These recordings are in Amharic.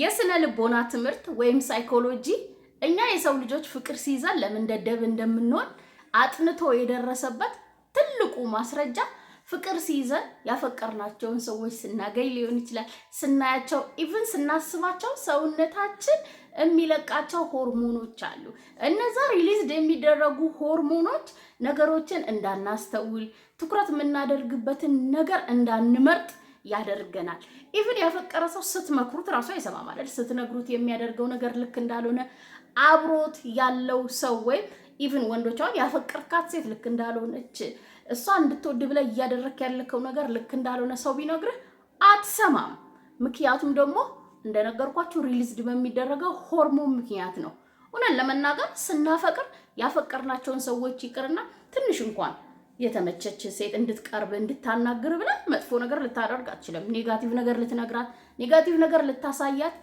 የስነ ልቦና ትምህርት ወይም ሳይኮሎጂ እኛ የሰው ልጆች ፍቅር ሲይዛን ለምን ደደብ እንደምንሆን አጥንቶ የደረሰበት ትልቁ ማስረጃ ፍቅር ሲይዘን ያፈቀርናቸውን ሰዎች ስናገኝ ሊሆን ይችላል፣ ስናያቸው፣ ኢቭን ስናስባቸው ሰውነታችን የሚለቃቸው ሆርሞኖች አሉ። እነዛ ሪሊዝድ የሚደረጉ ሆርሞኖች ነገሮችን እንዳናስተውል፣ ትኩረት የምናደርግበትን ነገር እንዳንመርጥ ያደርገናል። ኢቭን ያፈቀረ ሰው ስትመክሩት ራሱ አይሰማም አይደል? ስትነግሩት የሚያደርገው ነገር ልክ እንዳልሆነ አብሮት ያለው ሰው ወይም ኢቭን ወንዶቿን ያፈቀርካት ሴት ልክ እንዳልሆነች እሷ እንድትወድ ብለህ እያደረክ ያለከው ነገር ልክ እንዳልሆነ ሰው ቢነግርህ አትሰማም። ምክንያቱም ደግሞ እንደነገርኳችሁ ሪሊዝድ በሚደረገው ሆርሞን ምክንያት ነው። እውነት ለመናገር ስናፈቅር ያፈቀርናቸውን ሰዎች ይቅርና ትንሽ እንኳን የተመቸች ሴት እንድትቀርብ እንድታናግር ብላ መጥፎ ነገር ልታደርግ አትችልም። ኔጋቲቭ ነገር ልትነግራት፣ ኔጋቲቭ ነገር ልታሳያት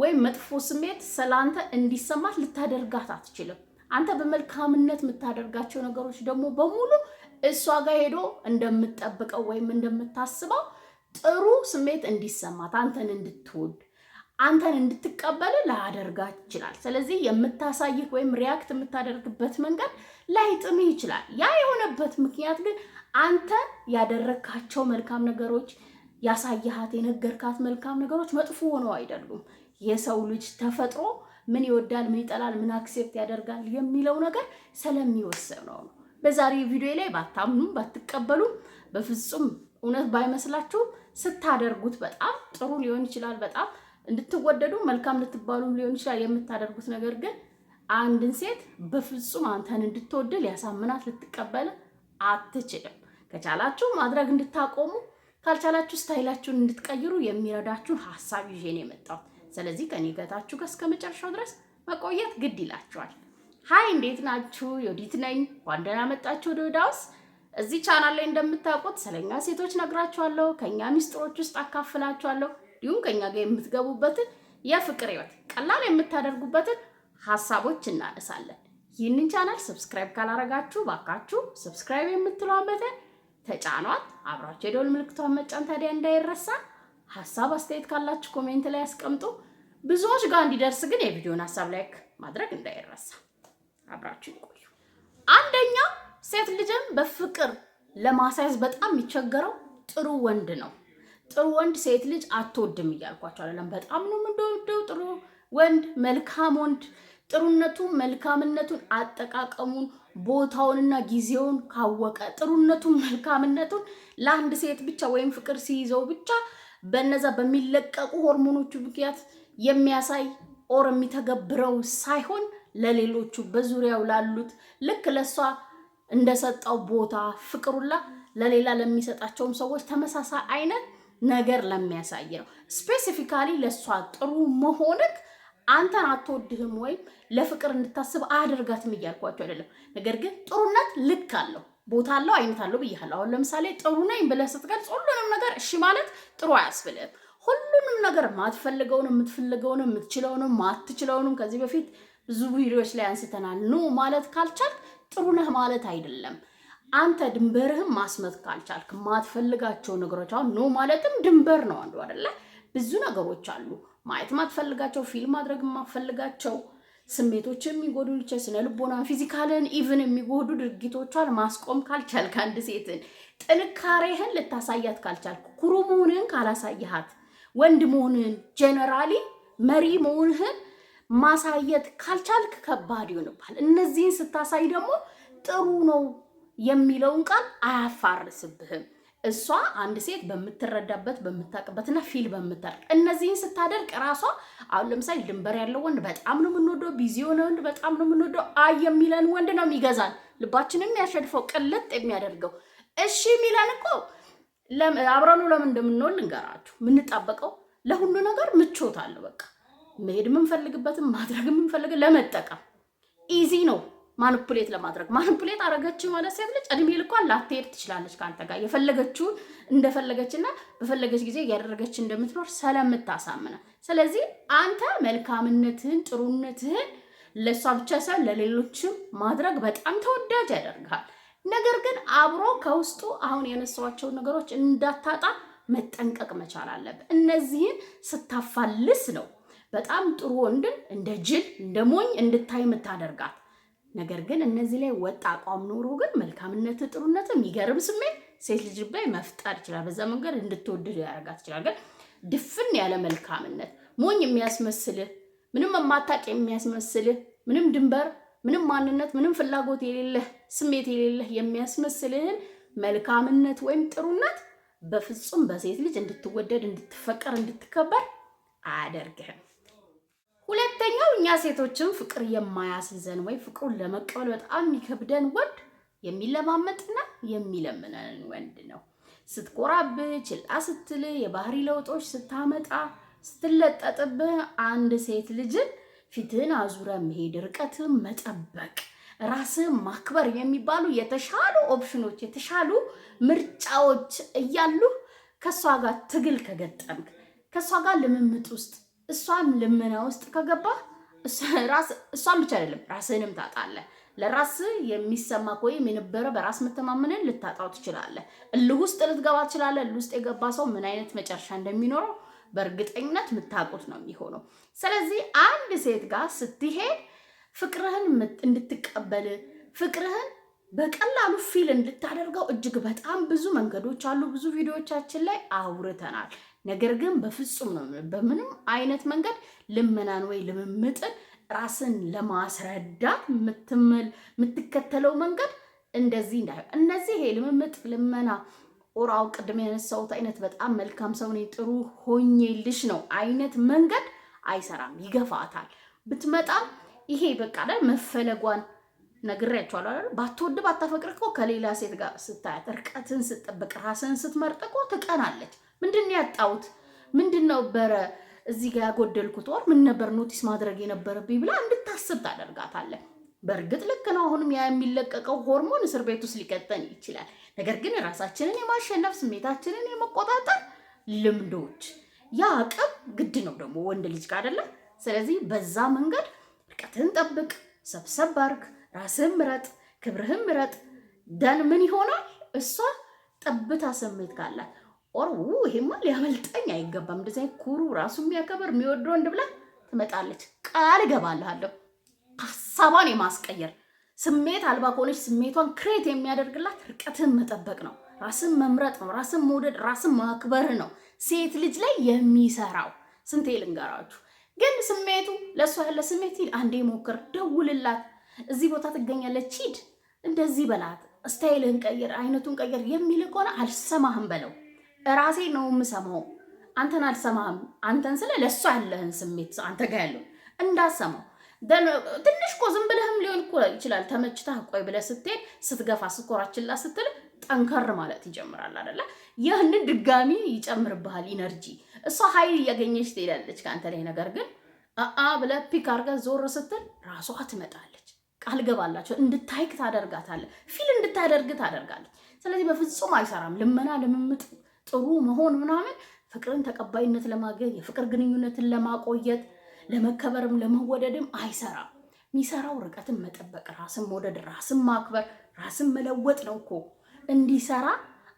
ወይም መጥፎ ስሜት ስለአንተ እንዲሰማት ልታደርጋት አትችልም። አንተ በመልካምነት የምታደርጋቸው ነገሮች ደግሞ በሙሉ እሷ ጋር ሄዶ እንደምትጠብቀው ወይም እንደምታስበው ጥሩ ስሜት እንዲሰማት አንተን እንድትወድ አንተን እንድትቀበል ላደርጋ ይችላል። ስለዚህ የምታሳይህ ወይም ሪያክት የምታደርግበት መንገድ ላይጥምህ ይችላል። ያ የሆነበት ምክንያት ግን አንተ ያደረግካቸው መልካም ነገሮች፣ ያሳየሃት የነገርካት መልካም ነገሮች መጥፎ ሆነው አይደሉም። የሰው ልጅ ተፈጥሮ ምን ይወዳል፣ ምን ይጠላል፣ ምን አክሴፕት ያደርጋል የሚለው ነገር ስለሚወሰነው ነው። በዛሬ ቪዲዮ ላይ ባታምኑም ባትቀበሉም በፍጹም እውነት ባይመስላችሁም ስታደርጉት በጣም ጥሩ ሊሆን ይችላል በጣም እንድትወደዱ መልካም ልትባሉ ሊሆን ይችላል የምታደርጉት። ነገር ግን አንድን ሴት በፍጹም አንተን እንድትወድ ሊያሳምናት ልትቀበል አትችልም። ከቻላችሁ ማድረግ እንድታቆሙ ካልቻላችሁ ስታይላችሁን እንድትቀይሩ የሚረዳችሁን ሀሳብ ይዤ ነው የመጣሁት። ስለዚህ ከኔ ገታችሁ ጋር እስከ መጨረሻው ድረስ መቆየት ግድ ይላችኋል። ሀይ እንዴት ናችሁ? ዮዲት ነኝ። እንኳን ደህና መጣችሁ ወደ ዮድ ሃውስ። እዚህ ቻናል ላይ እንደምታውቁት ስለኛ ሴቶች ነግራችኋለሁ፣ ከኛ ሚስጥሮች ውስጥ አካፍላችኋለሁ። እንዲሁም ከኛ ጋር የምትገቡበትን የፍቅር ህይወት ቀላል የምታደርጉበትን ሀሳቦች እናነሳለን። ይህንን ቻናል ሰብስክራይብ ካላረጋችሁ ባካችሁ ሰብስክራይብ የምትለዋን በተን ተጫኗት። አብራችሁ የደወል ምልክቷን መጫን ታዲያ እንዳይረሳ። ሀሳብ አስተያየት ካላችሁ ኮሜንት ላይ አስቀምጡ። ብዙዎች ጋር እንዲደርስ ግን የቪዲዮን ሀሳብ ላይክ ማድረግ እንዳይረሳ። አብራችሁ ይቆዩ። አንደኛው ሴት ልጅን በፍቅር ለማሳያዝ በጣም የሚቸገረው ጥሩ ወንድ ነው። ጥሩ ወንድ ሴት ልጅ አትወድም እያልኳቸው አይደለም። በጣም ነው የምንወደው ጥሩ ወንድ፣ መልካም ወንድ። ጥሩነቱን መልካምነቱን፣ አጠቃቀሙን፣ ቦታውንና ጊዜውን ካወቀ ጥሩነቱን መልካምነቱን ለአንድ ሴት ብቻ ወይም ፍቅር ሲይዘው ብቻ በነዛ በሚለቀቁ ሆርሞኖቹ ምክንያት የሚያሳይ ኦር የሚተገብረው ሳይሆን ለሌሎቹ በዙሪያው ላሉት ልክ ለእሷ እንደሰጠው ቦታ ፍቅሩላ ለሌላ ለሚሰጣቸውም ሰዎች ተመሳሳይ አይነት ነገር ለሚያሳይ ነው። ስፔሲፊካሊ ለእሷ ጥሩ መሆንክ አንተን አትወድህም ወይም ለፍቅር እንድታስብ አድርጋትም እያልኳቸው አይደለም። ነገር ግን ጥሩነት ልክ አለው፣ ቦታ አለው፣ አይነት አለው ብያለሁ። አሁን ለምሳሌ ጥሩ ነኝ ብለህ ስትገልጽ ሁሉንም ነገር እሺ ማለት ጥሩ አያስብልህም። ሁሉንም ነገር ማትፈልገውንም፣ የምትፈልገውንም፣ የምትችለውንም፣ ማትችለውንም ከዚህ በፊት ብዙ ቪዲዮዎች ላይ አንስተናል። ኑ ማለት ካልቻልክ ጥሩ ነህ ማለት አይደለም። አንተ ድንበርህም ማስመት ካልቻልክ ማትፈልጋቸው ነገሮች አሁን ኖ ማለትም ድንበር ነው አንዱ አይደለ። ብዙ ነገሮች አሉ ማየት ማትፈልጋቸው፣ ፊልም ማድረግ ማትፈልጋቸው፣ ስሜቶች የሚጎዱ ልቸ ስነ ልቦና ፊዚካልን ኢቭን የሚጎዱ ድርጊቶቿን ማስቆም ካልቻልክ፣ አንድ ሴትን ጥንካሬህን ልታሳያት ካልቻልክ፣ ኩሩ መሆንህን ካላሳያሃት፣ ወንድ መሆንህን ጀነራሊ መሪ መሆንህን ማሳየት ካልቻልክ ከባድ ይሆንባል። እነዚህን ስታሳይ ደግሞ ጥሩ ነው የሚለውን ቃል አያፋርስብህም። እሷ አንድ ሴት በምትረዳበት በምታውቅበትና ፊል በምታደርግ እነዚህን ስታደርግ ራሷ አሁን ለምሳሌ ድንበር ያለው ወንድ በጣም ነው የምንወደው፣ ቢዚ የሆነ ወንድ በጣም ነው የምንወደው፣ አይ የሚለን ወንድ ነው የሚገዛን፣ ልባችንን የሚያሸድፈው፣ ቅልጥ የሚያደርገው እሺ የሚለን እኮ አብረኑ ለምን እንደምንወል ልንገራችሁ። የምንጣበቀው ለሁሉ ነገር ምቾት አለው። በቃ መሄድ የምንፈልግበትም ማድረግ የምንፈልግ ለመጠቀም ኢዚ ነው። ማኒፑሌት ለማድረግ ማኒፑሌት አረገች የሆነ ሴት ልጅ እድሜ ልኳን ላትሄድ ትችላለች ከአንተ ጋር የፈለገችውን እንደፈለገችና በፈለገች ጊዜ እያደረገች እንደምትኖር ስለምታሳምነ። ስለዚህ አንተ መልካምነትህን ጥሩነትህን ለእሷ ብቻ ሳይሆን ለሌሎችም ማድረግ በጣም ተወዳጅ ያደርግሃል። ነገር ግን አብሮ ከውስጡ አሁን የነሷቸውን ነገሮች እንዳታጣ መጠንቀቅ መቻል አለብህ። እነዚህን ስታፋልስ ነው በጣም ጥሩ ወንድን እንደ ጅል እንደ ሞኝ እንድታይ የምታደርጋት። ነገር ግን እነዚህ ላይ ወጥ አቋም ኖሮ ግን መልካምነት፣ ጥሩነት የሚገርም ስሜት ሴት ልጅ ላይ መፍጠር ይችላል። በዛ መንገድ እንድትወድድ ያደርጋት ይችላል። ግን ድፍን ያለ መልካምነት ሞኝ የሚያስመስልህ ምንም የማታውቅ የሚያስመስልህ ምንም ድንበር፣ ምንም ማንነት፣ ምንም ፍላጎት የሌለህ ስሜት የሌለህ የሚያስመስልህን መልካምነት ወይም ጥሩነት በፍጹም በሴት ልጅ እንድትወደድ፣ እንድትፈቀር፣ እንድትከበር አያደርግህም። ሁለተኛው እኛ ሴቶችን ፍቅር የማያስይዘን ወይ ፍቅሩን ለመቀበል በጣም የሚከብደን ወንድ የሚለማመጥና የሚለምነን ወንድ ነው። ስትቆራብህ፣ ችላ ስትልህ፣ የባህሪ ለውጦች ስታመጣ፣ ስትለጠጥብህ አንድ ሴት ልጅን ፊትህን አዙረ መሄድ፣ ርቀትን መጠበቅ፣ ራስህን ማክበር የሚባሉ የተሻሉ ኦፕሽኖች የተሻሉ ምርጫዎች እያሉ ከእሷ ጋር ትግል ከገጠምክ ከእሷ ጋር ልምምጥ ውስጥ እሷም ልመና ውስጥ ከገባ እሷም ብቻ አይደለም ራስህንም ታጣለህ። ለራስ የሚሰማ ወይም የነበረ በራስ መተማመንን ልታጣው ትችላለህ። እልህ ውስጥ ልትገባ ትችላለህ። እልህ ውስጥ የገባ ሰው ምን አይነት መጨረሻ እንደሚኖረው በእርግጠኝነት የምታውቁት ነው የሚሆነው። ስለዚህ አንድ ሴት ጋር ስትሄድ ፍቅርህን እንድትቀበል ፍቅርህን በቀላሉ ፊል እንድታደርገው እጅግ በጣም ብዙ መንገዶች አሉ። ብዙ ቪዲዮዎቻችን ላይ አውርተናል። ነገር ግን በፍጹም ነው። በምንም አይነት መንገድ ልመናን ወይ ልምምጥን ራስን ለማስረዳት የምትከተለው መንገድ እንደዚህ እንዳ እነዚህ ይሄ ልምምጥ፣ ልመና ኦራው ቅድም ያነሳሁት አይነት በጣም መልካም ሰው ነኝ ጥሩ ሆኜልሽ ነው አይነት መንገድ አይሰራም፣ ይገፋታል። ብትመጣም ይሄ በቃ ላይ መፈለጓን ነግሬያቸዋለሁ አይደል? ባትወድ ባታፈቅር እኮ ከሌላ ሴት ጋር ስታያት እርቀትን ስትጠብቅ ራስን ስትመርጥ እኮ ትቀናለች። ምንድን ያጣውት ያጣሁት? ምንድን ነበረ እዚህ ጋር ያጎደልኩት? ወር ምን ነበር ኖቲስ ማድረግ የነበረብኝ ብላ እንድታስብ ታደርጋታለን። በእርግጥ ልክ ነው። አሁንም ያ የሚለቀቀው ሆርሞን እስር ቤት ውስጥ ሊቀጠን ይችላል። ነገር ግን ራሳችንን የማሸነፍ ስሜታችንን የመቆጣጠር ልምዶች፣ ያ አቅም ግድ ነው ደግሞ ወንድ ልጅ ጋር አይደለ? ስለዚህ በዛ መንገድ ርቀትን ጠብቅ፣ ሰብሰብ ባርክ፣ ራስህን ምረጥ፣ ክብርህን ምረጥ። ደን ምን ይሆናል እሷ ጠብታ ስሜት ካላት ኦር ይሄማ ሊያመልጠኝ አይገባም። እንደዚ ኩሩ ራሱ የሚያከበር የሚወድ ወንድ ብላ ትመጣለች። ቃል እገባልሃለሁ ሀሳቧን የማስቀየር ስሜት አልባ ከሆነች ስሜቷን ክሬት የሚያደርግላት ርቀትን መጠበቅ ነው። ራስን መምረጥ ነው። ራስን መውደድ፣ ራስን ማክበር ነው ሴት ልጅ ላይ የሚሰራው። ስንቴ ልንገራችሁ ግን ስሜቱ ለእሷ ያለ ስሜት ሂድ፣ አንዴ ሞክር፣ ደውልላት፣ እዚህ ቦታ ትገኛለች፣ ሂድ፣ እንደዚህ በላት፣ ስታይልህን ቀይር፣ አይነቱን ቀይር የሚል ከሆነ አልሰማህም በለው። ራሴ ነው የምሰማው። አንተን አልሰማህም። አንተን ስለ ለሱ ያለህን ስሜት አንተ ጋር ያለው እንዳሰማው ትንሽ እኮ ዝም ብለህም ሊሆን እኮ ይችላል። ተመችተህ ቆይ ብለህ ስትሄድ ስትገፋ ስኮራችላ ስትል ጠንከር ማለት ይጀምራል አይደለ? ይህን ድጋሚ ይጨምርብሃል ኢነርጂ። እሷ ኃይል እያገኘች ትሄዳለች ከአንተ ላይ። ነገር ግን አአ ብለህ ፒክ አድርገህ ዞር ስትል ራሷ ትመጣለች። ቃል ገባላቸው እንድታይክ ታደርጋታለህ። ፊል እንድታደርግ ታደርጋለች። ስለዚህ በፍጹም አይሰራም ልመና ልምምጥ ጥሩ መሆን ምናምን ፍቅርን ተቀባይነት ለማግኘት የፍቅር ግንኙነትን ለማቆየት ለመከበርም ለመወደድም አይሰራም። የሚሰራው ርቀትን መጠበቅ፣ ራስን መውደድ፣ ራስን ማክበር፣ ራስን መለወጥ ነው እኮ እንዲሰራ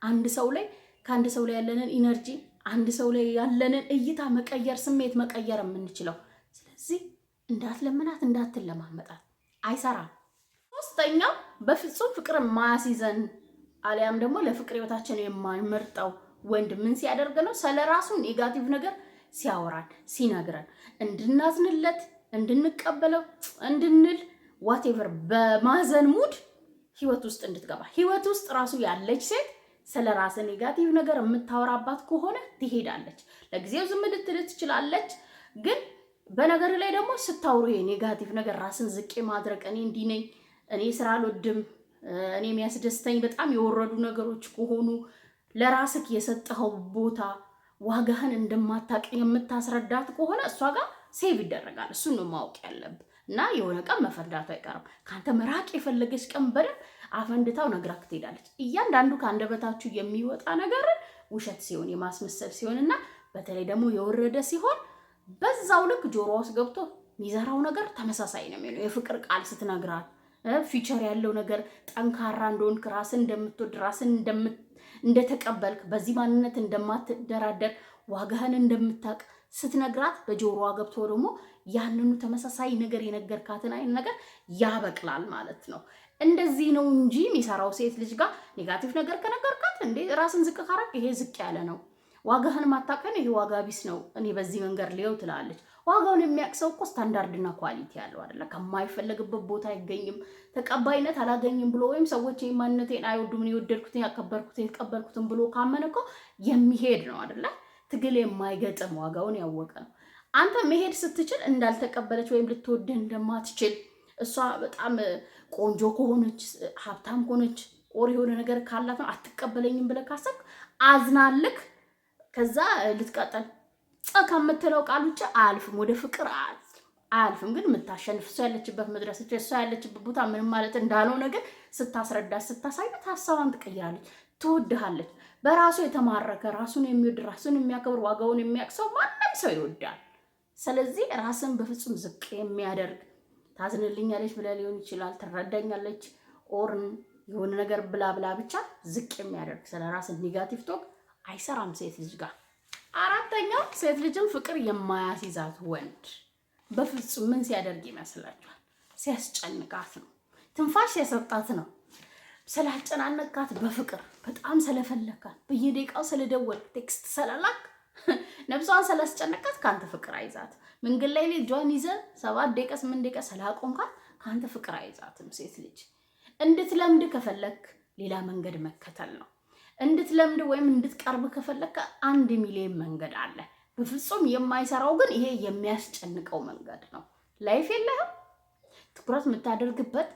አንድ ሰው ላይ ከአንድ ሰው ላይ ያለንን ኢነርጂ አንድ ሰው ላይ ያለንን እይታ መቀየር፣ ስሜት መቀየር የምንችለው ስለዚህ እንዳትለምናት እንዳትለማመጣት አይሰራም። ሶስተኛው በፍጹም ፍቅር ማያስይዘን አሊያም ደግሞ ለፍቅር ህይወታችን የማንመርጠው ወንድ ምን ሲያደርግ ነው? ስለ ራሱ ኔጋቲቭ ነገር ሲያወራን ሲነግረን እንድናዝንለት እንድንቀበለው እንድንል ዋቴቨር በማዘን ሙድ ህይወት ውስጥ እንድትገባ ህይወት ውስጥ ራሱ ያለች ሴት ስለ ራስ ኔጋቲቭ ነገር የምታወራባት ከሆነ ትሄዳለች። ለጊዜው ዝም ልትል ትችላለች። ግን በነገር ላይ ደግሞ ስታውሩ ኔጋቲቭ ነገር ራስን ዝቅ ማድረግ እኔ እንዲህ ነኝ፣ እኔ ስራ አልወድም፣ እኔ የሚያስደስተኝ በጣም የወረዱ ነገሮች ከሆኑ ለራስክ የሰጠኸው ቦታ ዋጋህን እንደማታቅ የምታስረዳት ከሆነ እሷ ጋር ሴቭ ይደረጋል። እሱን ነው ማወቅ ያለብህ እና የሆነ ቀን መፈርዳቱ አይቀርም። ከአንተ መራቅ የፈለገች ቀን በደንብ አፈንድታው ነግራክ ትሄዳለች። እያንዳንዱ ከአንደበታችሁ የሚወጣ ነገር ውሸት ሲሆን የማስመሰል ሲሆንና በተለይ ደግሞ የወረደ ሲሆን በዛው ልክ ጆሮ ውስጥ ገብቶ የሚዘራው ነገር ተመሳሳይ ነው የሚሆነው። የፍቅር ቃል ስትነግራት ፊቸር ያለው ነገር ጠንካራ እንደሆንክ ራስን እንደምትወድ ራስን እንደተቀበልክ በዚህ ማንነት እንደማትደራደር ዋጋህን እንደምታቅ ስትነግራት በጆሮዋ ገብቶ ደግሞ ያንኑ ተመሳሳይ ነገር የነገርካትን አይነት ነገር ያበቅላል ማለት ነው። እንደዚህ ነው እንጂ የሚሰራው ሴት ልጅ ጋር ኔጋቲቭ ነገር ከነገርካት እንዴ ራስን ዝቅ ካረቅ ይሄ ዝቅ ያለ ነው፣ ዋጋህን ማታቀን ይሄ ዋጋ ቢስ ነው፣ እኔ በዚህ መንገድ ልየው ትላለች። ዋጋውን የሚያቅሰው እኮ ስታንዳርድና ኳሊቲ ያለው አይደለ? ከማይፈለግበት ቦታ አይገኝም፣ ተቀባይነት አላገኝም ብሎ ወይም ሰዎች ማንነቴን አይወዱም፣ የወደድኩትን ያከበርኩትን የተቀበልኩትን ብሎ ካመነ እኮ የሚሄድ ነው አይደለ? ትግል የማይገጥም ዋጋውን ያወቀ ነው። አንተ መሄድ ስትችል እንዳልተቀበለች ወይም ልትወድህ እንደማትችል እሷ በጣም ቆንጆ ከሆነች ሀብታም ከሆነች ቆር የሆነ ነገር ካላት ነው አትቀበለኝም ብለህ ካሰብክ አዝናልክ፣ ከዛ ልትቀጠል ጸ ከምትለው ቃል ውጭ አልፍም፣ ወደ ፍቅር አልፍም ግን የምታሸንፍ እሷ ያለችበት መድረስ እሷ ያለችበት ቦታ ምንም ማለት እንዳልሆነ ግን ስታስረዳት ስታሳያት ሀሳቧን ትቀይራለች፣ ትወድሃለች። በራሱ የተማረከ ራሱን የሚወድ ራሱን የሚያከብር ዋጋውን የሚያቅሰው ማንም ሰው ይወዳል። ስለዚህ ራስን በፍጹም ዝቅ የሚያደርግ ታዝንልኛለች ብለህ ሊሆን ይችላል፣ ትረዳኛለች ኦርን የሆነ ነገር ብላ ብላ ብቻ ዝቅ የሚያደርግ ስለ ራስን ኔጋቲቭ ቶክ አይሰራም ሴት ልጅ ጋር አራተኛው ሴት ልጅን ፍቅር የማያስይዛት ወንድ በፍጹም ምን ሲያደርግ ይመስላችኋል? ሲያስጨንቃት ነው። ትንፋሽ ሲያሰጣት ነው። ስላጨናነቃት በፍቅር በጣም ስለፈለካት በየደቂቃው ስለደወል ቴክስት ስለላክ ነብሷን ስላስጨነቃት ከአንተ ፍቅር አይዛት። መንገድ ላይ ልጇን ይዘ ሰባት ደቂቃ ስምንት ደቂቃ ስላቆምካት ከአንተ ፍቅር አይዛትም። ሴት ልጅ እንድትለምድ ከፈለክ ሌላ መንገድ መከተል ነው። እንድትለምድ ወይም እንድትቀርብ ከፈለግከ አንድ ሚሊዮን መንገድ አለ። በፍጹም የማይሰራው ግን ይሄ የሚያስጨንቀው መንገድ ነው። ላይፍ የለህም ትኩረት የምታደርግበት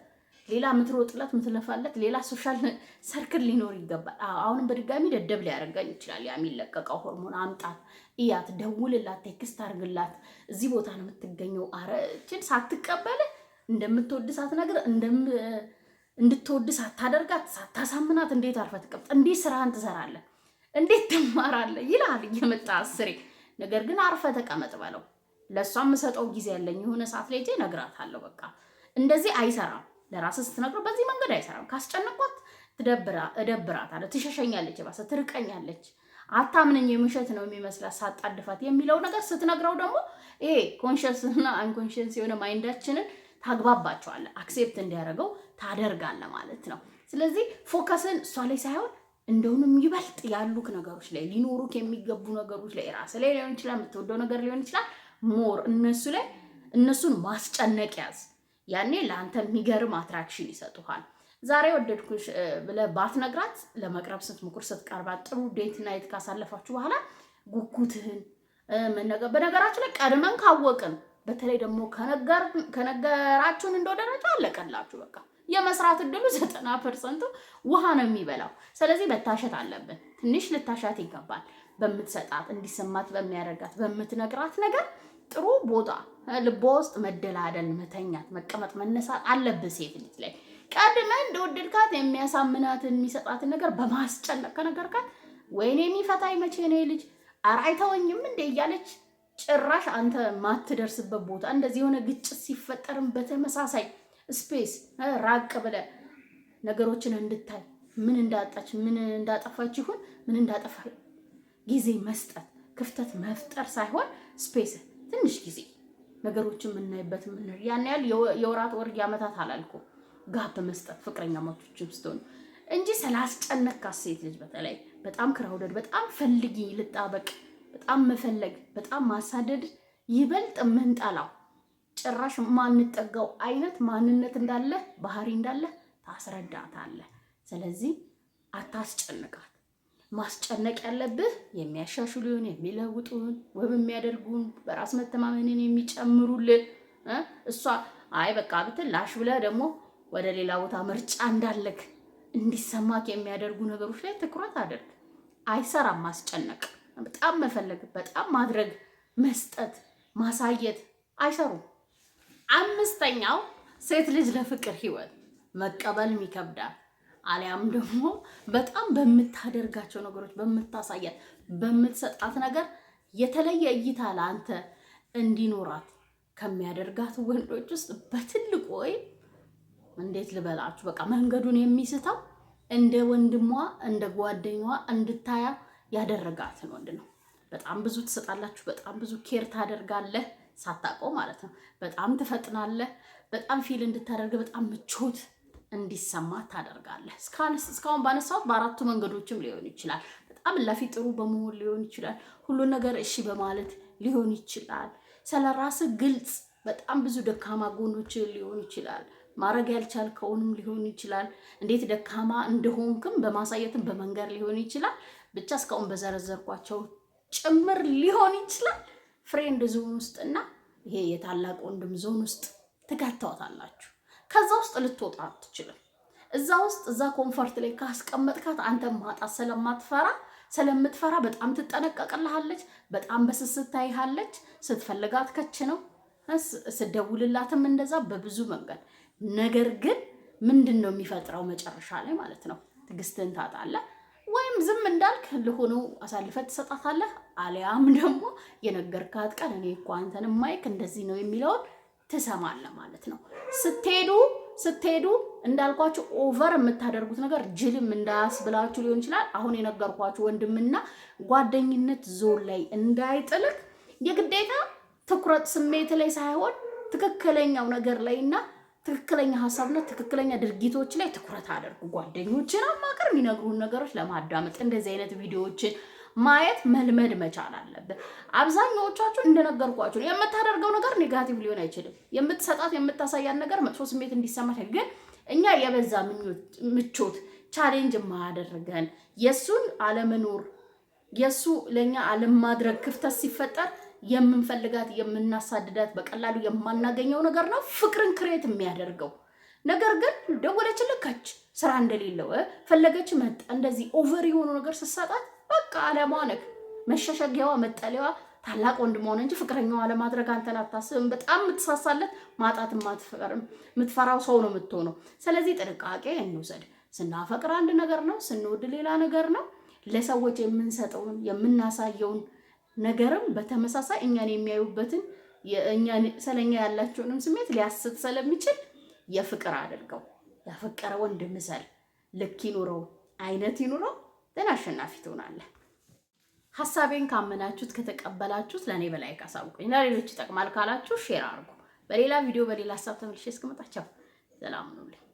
ሌላ ምትሮጥለት ምትለፋለት ሌላ ሶሻል ሰርክል ሊኖር ይገባል። አሁንም በድጋሚ ደደብ ሊያደርገኝ ይችላል። ያ የሚለቀቀው ሆርሞን አምጣት፣ እያት፣ ደውልላት፣ ቴክስት አድርግላት፣ እዚህ ቦታ ነው የምትገኘው። አረችን ሳትቀበልህ እንደምትወድ ሳትነግር እንድትወድ ሳታደርጋት ሳታሳምናት እንዴት አርፈ ትቀምጥ? እንዴት ስራህን ትሰራለህ? እንዴት ትማራለህ? ይላል እየመጣ አስሬ። ነገር ግን አርፈ ተቀመጥ በለው። ለእሷ የምሰጠው ጊዜ ያለኝ የሆነ ሰዓት ላይ እነግራታለሁ። በቃ እንደዚህ አይሰራም። ለራስ ስትነግረው በዚህ መንገድ አይሰራም። ካስጨነቋት እደብራታለሁ፣ ትሸሸኛለች፣ ባሰ ትርቀኛለች፣ አታምነኝ፣ የምሸት ነው የሚመስላት ሳጣድፋት የሚለው ነገር ስትነግረው ደግሞ ይሄ ኮንሽንስ እና አንኮንሽንስ የሆነ ማይንዳችንን ታግባባቸዋለህ አክሴፕት እንዲያደርገው ታደርጋለህ ማለት ነው። ስለዚህ ፎከስን እሷ ላይ ሳይሆን እንደውንም ይበልጥ ያሉክ ነገሮች ላይ ሊኖሩክ የሚገቡ ነገሮች ላይ ራስ ላይ ሊሆን ይችላል፣ የምትወደው ነገር ሊሆን ይችላል። ሞር እነሱ ላይ እነሱን ማስጨነቅ ያዝ። ያኔ ለአንተ የሚገርም አትራክሽን ይሰጡሃል። ዛሬ ወደድኩሽ ብለህ ባትነግራት ለመቅረብ ስትሞክር ስትቀርባት ጥሩ ዴት ናይት ካሳለፋችሁ በኋላ ጉጉትህን መነገር በነገራችን ላይ ቀድመን ካወቅን በተለይ ደግሞ ከነገራችሁን ደረጃ አለቀላችሁ በቃ። የመስራት እድሉ ዘጠና ፐርሰንቱ ውሃ ነው የሚበላው። ስለዚህ መታሸት አለብን። ትንሽ ልታሻት ይገባል። በምትሰጣት እንዲሰማት በሚያደርጋት በምትነግራት ነገር ጥሩ ቦታ ልቦ ውስጥ መደላደል፣ መተኛት፣ መቀመጥ፣ መነሳት አለብህ። ሴት ልጅ ላይ ቀድመ እንደወደድካት የሚያሳምናትን የሚሰጣትን ነገር በማስጨነቅ ከነገርካት ወይኔ የሚፈታኝ መቼ ነው ልጅ ኧረ እንደ እያለች ጭራሽ አንተ ማትደርስበት ቦታ እንደዚህ የሆነ ግጭት ሲፈጠርም በተመሳሳይ ስፔስ ራቅ ብለ ነገሮችን እንድታይ ምን እንዳጣች ምን እንዳጠፋች ይሁን ምን እንዳጠፋ ጊዜ መስጠት ክፍተት መፍጠር ሳይሆን ስፔስ ትንሽ ጊዜ ነገሮችን የምናይበት ምን ያን ያህል የወራት ወር ያመታት አላልኩ ጋብ መስጠት ፍቅረኛማቾች ስትሆኑ እንጂ ስላስጨነካ ሴት ልጅ በተለይ በጣም ክራውደድ በጣም ፈልጊ ልጣበቅ በጣም መፈለግ በጣም ማሳደድ ይበልጥ ምንጠላው ጭራሽ ማንጠጋው አይነት ማንነት እንዳለ ባህሪ እንዳለ ታስረዳታለህ። ስለዚህ አታስጨንቃት። ማስጨነቅ ያለብህ የሚያሻሽሉን፣ የሚለውጡን፣ ውብ የሚያደርጉን፣ በራስ መተማመንን የሚጨምሩልን እሷ አይ በቃ ብትላሽ ብለህ ደግሞ ወደ ሌላ ቦታ ምርጫ እንዳለክ እንዲሰማክ የሚያደርጉ ነገሮች ላይ ትኩረት አድርግ። አይሰራም ማስጨነቅ፣ በጣም መፈለግ፣ በጣም ማድረግ፣ መስጠት፣ ማሳየት አይሰሩም። አምስተኛው ሴት ልጅ ለፍቅር ህይወት መቀበል ይከብዳል። አሊያም ደግሞ በጣም በምታደርጋቸው ነገሮች፣ በምታሳያት፣ በምትሰጣት ነገር የተለየ እይታ ለአንተ እንዲኖራት ከሚያደርጋት ወንዶች ውስጥ በትልቁ ወይ እንዴት ልበላችሁ፣ በቃ መንገዱን የሚስተው እንደ ወንድሟ እንደ ጓደኛዋ እንድታያ ያደረጋትን ወንድ ነው። በጣም ብዙ ትሰጣላችሁ፣ በጣም ብዙ ኬር ታደርጋለህ። ሳታውቀው ማለት ነው። በጣም ትፈጥናለህ። በጣም ፊል እንድታደርግ በጣም ምቾት እንዲሰማ ታደርጋለህ። እስካሁን ባነሳሁት በአራቱ መንገዶችም ሊሆን ይችላል። በጣም ለፊት ጥሩ በመሆን ሊሆን ይችላል። ሁሉን ነገር እሺ በማለት ሊሆን ይችላል። ስለ ራስህ ግልጽ፣ በጣም ብዙ ደካማ ጎኖች ሊሆን ይችላል። ማድረግ ያልቻልከውንም ሊሆን ይችላል። እንዴት ደካማ እንደሆንክም በማሳየትም በመንገር ሊሆን ይችላል። ብቻ እስካሁን በዘረዘርኳቸው ጭምር ሊሆን ይችላል። ፍሬንድ ዞን ውስጥ እና ይሄ የታላቅ ወንድም ዞን ውስጥ ትጋታዋታላችሁ። ከዛ ውስጥ ልትወጣ አትችልም። እዛ ውስጥ እዛ ኮንፈርት ላይ ካስቀመጥካት አንተ ማጣት ስለማትፈራ ስለምትፈራ በጣም ትጠነቀቅልሃለች። በጣም በስስት ታይሃለች። ስትፈልጋት ከች ነው። ስደውልላትም እንደዛ በብዙ መንገድ። ነገር ግን ምንድን ነው የሚፈጥረው መጨረሻ ላይ ማለት ነው ትግስትን ታጣለህ። ወይም ዝም እንዳልክ ልሆኑ አሳልፈ ትሰጣታለህ። አሊያም ደግሞ የነገርካት ቀን እኔ እኮ አንተን ማይክ እንደዚህ ነው የሚለውን ትሰማለህ ማለት ነው። ስትሄዱ ስትሄዱ እንዳልኳችሁ ኦቨር የምታደርጉት ነገር ጅልም እንዳያስብላችሁ ሊሆን ይችላል። አሁን የነገርኳችሁ ወንድምና ጓደኝነት ዞን ላይ እንዳይጥልክ የግዴታ ትኩረት ስሜት ላይ ሳይሆን ትክክለኛው ነገር ላይ እና ትክክለኛ ሀሳብና ትክክለኛ ድርጊቶች ላይ ትኩረት አደርጉ። ጓደኞችን አማከር፣ የሚነግሩን ነገሮች ለማዳመጥ እንደዚህ አይነት ቪዲዮዎችን ማየት መልመድ መቻል አለብን። አብዛኛዎቻችሁ እንደነገርኳችሁ ነው። የምታደርገው ነገር ኔጋቲቭ ሊሆን አይችልም። የምትሰጣት የምታሳያት ነገር መጥፎ ስሜት እንዲሰማት ግን እኛ የበዛ ምቾት ቻሌንጅ ማያደርገን የእሱን አለመኖር የእሱ ለእኛ አለማድረግ ክፍተት ሲፈጠር የምንፈልጋት የምናሳድዳት በቀላሉ የማናገኘው ነገር ነው ፍቅርን ክሬት የሚያደርገው ነገር ግን ደወለች ልካች ስራ እንደሌለው ፈለገች መጣ እንደዚህ ኦቨር የሆኑ ነገር ስሳጣት በቃ አለማዋ ነክ መሸሸጊያዋ መጠለያዋ ታላቅ ወንድ ነው እንጂ ፍቅረኛዋ ለማድረግ አንተን አታስብም። በጣም የምትሳሳለት ማጣት የምትፈራው ሰው ነው የምትሆነው። ስለዚህ ጥንቃቄ እንውሰድ። ስናፈቅር አንድ ነገር ነው፣ ስንወድ ሌላ ነገር ነው። ለሰዎች የምንሰጠውን የምናሳየውን ነገርም በተመሳሳይ እኛን የሚያዩበትን የእኛን ስለኛ ያላቸውንም ስሜት ሊያስጥ ስለሚችል የፍቅር አድርገው ያፈቀረ ወንድ ምሰል፣ ልክ ይኑረው፣ አይነት ይኑረው፣ ደን አሸናፊ ትሆናለህ። ሀሳቤን ካመናችሁት ከተቀበላችሁት፣ ለእኔ በላይ ካሳውቁኝ፣ ለሌሎች ይጠቅማል ካላችሁ ሼር አድርጉ። በሌላ ቪዲዮ በሌላ ሀሳብ ተመልሼ እስክመጣቸው ሰላም ኑልኝ።